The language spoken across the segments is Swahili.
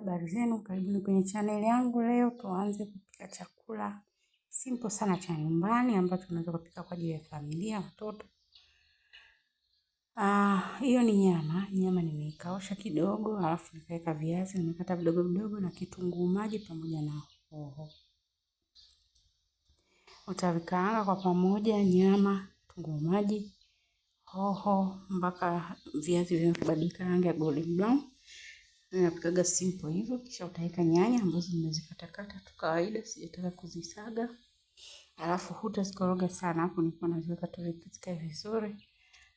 Habari zenu, karibuni kwenye chaneli yangu. Leo tuanze kupika chakula simple sana cha nyumbani ambacho unaweza kupika kwa ajili ya familia, watoto. Ah, hiyo ni nyama. Nyama nimeikaosha kidogo, alafu nikaweka viazi nimekata vidogo vidogo na kitunguu maji pamoja na hoho. Utavikaanga kwa pamoja, nyama, kitunguu maji, hoho mpaka viazi vinabadilika rangi ya golden brown. Napikaga simple hivyo, kisha utaweka nyanya ambazo nimezikatakata tu kawaida, sijataka kuzisaga, alafu hutazikoroga sana. Hapo nilikuwa naziweka tu vipitikae vizuri.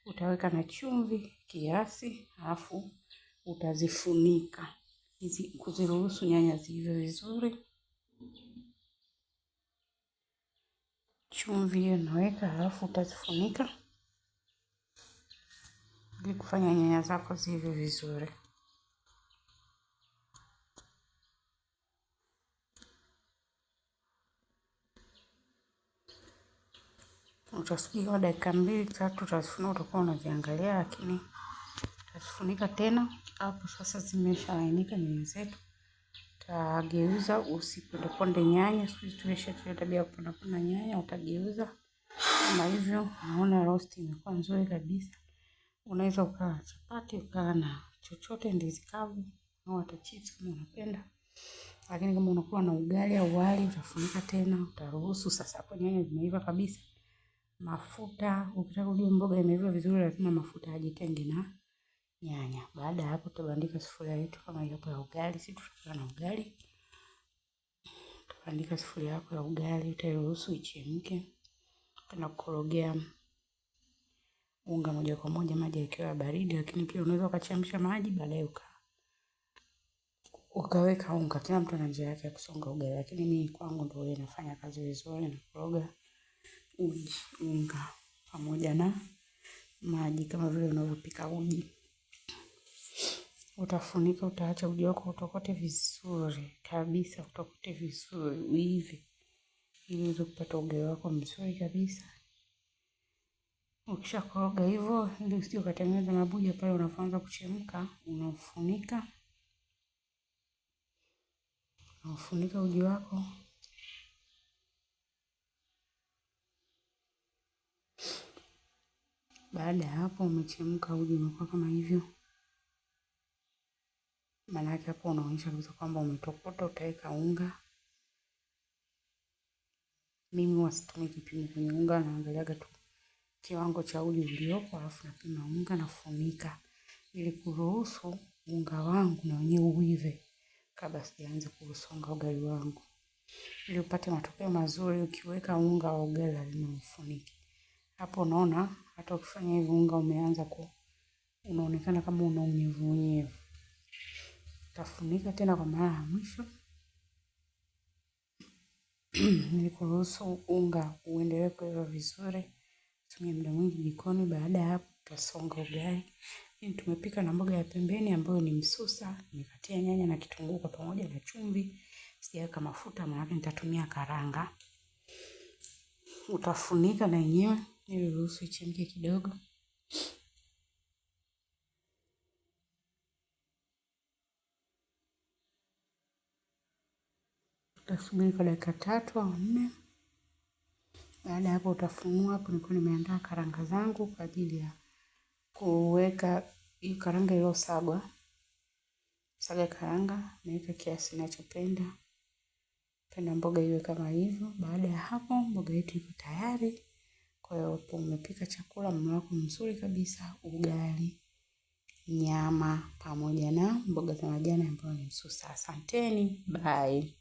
Utaweka na chumvi kiasi, alafu utazifunika hizi, kuziruhusu nyanya ziive vizuri. Chumvi hiyo unaweka, alafu utazifunika ili kufanya nyanya zako ziive vizuri. utasubiri kwa dakika mbili tatu, utazifuna utakuwa unaziangalia, lakini utazifunika tena. Hapo sasa zimeshalainika nyanya zetu, utageuza. Usipondeponde nyanya, sisi tumeshatia tabia ya kupondaponda nyanya, utageuza kama hivyo. Naona roast imekuwa nzuri kabisa. Unaweza ukala chapati, ukala na chochote, ndizi kavu au hata chips kama unapenda lakini kama unakuwa na ugali au wali, utafunika tena, utaruhusu sasa. Hapo nyanya zimeiva kabisa mafuta. Ukitaka ujue mboga imeiva vizuri, lazima mafuta ajitenge na nyanya. Baada ya hapo, tutabandika sufuria yetu kama ilivyo ya ugali. Sisi tutakula na ugali, tutabandika sufuria yako ya ugali, utairuhusu ichemke. Tuna kukorogea unga moja kwa moja, maji yakiwa baridi, lakini pia unaweza ukachemsha maji baadaye uka ukaweka unga. Kila mtu ana njia yake ya kusonga ugali, lakini mimi kwangu ndio inafanya kazi vizuri na kukoroga uji, unga pamoja na maji kama vile unavyopika uji. Utafunika, utaacha uji wako utokote vizuri kabisa, utokote vizuri uive, ili uweze kupata ugali wako mzuri kabisa. Ukishakoroga hivyo, ili usije ukatengeneza mabuja pale unapoanza kuchemka, unaufunika, unaufunika uji wako Baada ya hapo umechemka, uji umekuwa kama hivyo, maana yake hapo unaonyesha kabisa kwamba umetokota. Utaweka unga. Mimi wasitumie kipimo kwenye unga, naangaliaga tu kiwango cha uji uliopo, alafu napima unga nafunika, ili kuruhusu unga wangu na wenyewe uive kabla sijaanza kuusonga ugali wangu, ili upate matokeo mazuri. Ukiweka unga wa ugali lazima ufunike. Hapo unaona hata ukifanya hivyo unga umeanza ku unaonekana kama una unyevu unyevu. Tafunika tena kwa mara ya mwisho ili kuruhusu unga uendelee kuiva vizuri. Tumia muda mwingi jikoni. Baada ya hapo, utasonga ugali. Tumepika na mboga ya pembeni ambayo ni msusa. Nimekatia nyanya na kitunguu kwa pamoja na chumvi. Sijaweka mafuta, maanake nitatumia karanga. Utafunika na yenyewe niruhusu ichemke kidogo. Utasubiri kwa dakika tatu au nne. Baada ya hapo utafunua. Hapo nilikuwa nimeandaa karanga zangu kwa ajili ya kuweka hii karanga iliyosagwa. Saga karanga, naweka kiasi ninachopenda. Penda mboga iwe kama hivyo. Baada ya hapo, mboga yetu iko tayari. Kwa hiyo hapo umepika chakula mlo wako mzuri kabisa, ugali, nyama pamoja na mboga za majani ambayo ni msusa. Asanteni, bye.